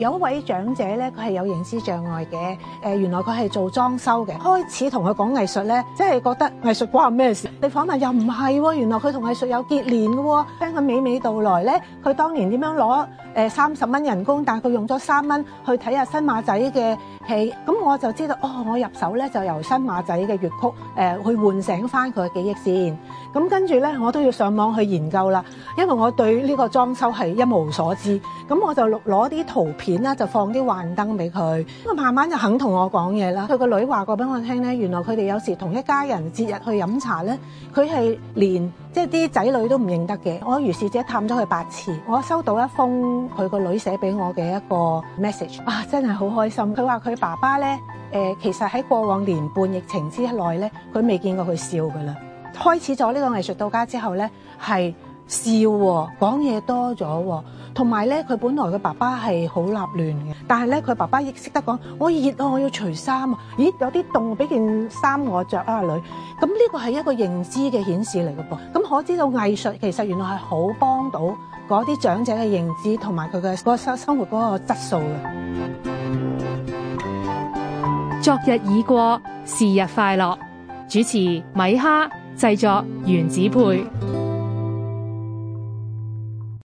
有一位長者咧，佢係有認知障礙嘅。誒，原來佢係做裝修嘅，開始同佢講藝術咧，即係覺得藝術關咩事？你訪問又唔係喎，原來佢同藝術有結連嘅喎。聽佢娓娓道來咧，佢當年點樣攞誒三十蚊人工，但係佢用咗三蚊去睇下新馬仔嘅戲。咁我就知道，哦，我入手咧就由新馬仔嘅粵曲誒去喚醒翻佢嘅記憶先。咁跟住咧，我都要上網去研究啦。因為我對呢個裝修係一無所知，咁我就攞啲圖片啦，就放啲幻燈俾佢。咁慢慢就肯同我講嘢啦。佢個女話過俾我聽呢，原來佢哋有時同一家人節日去飲茶呢，佢係連即係啲仔女都唔認得嘅。我如是者探咗佢八次，我收到一封佢個女寫俾我嘅一個 message，哇、啊！真係好開心。佢話佢爸爸呢，呃、其實喺過往年半疫情之內呢，佢未見過佢笑噶啦。開始咗呢個藝術到家之後呢，係。笑，講嘢多咗，同埋咧佢本來佢爸爸係好立亂嘅，但係咧佢爸爸亦識得講，我熱到、啊、我要除衫啊！咦，有啲凍，俾件衫我著啊女，咁、嗯、呢、這個係一個認知嘅顯示嚟嘅噃。咁、嗯、可知道藝術其實原來係好幫到嗰啲長者嘅認知同埋佢嘅生活嗰個質素嘅。昨日已過，是日快樂。主持米哈，製作原子配。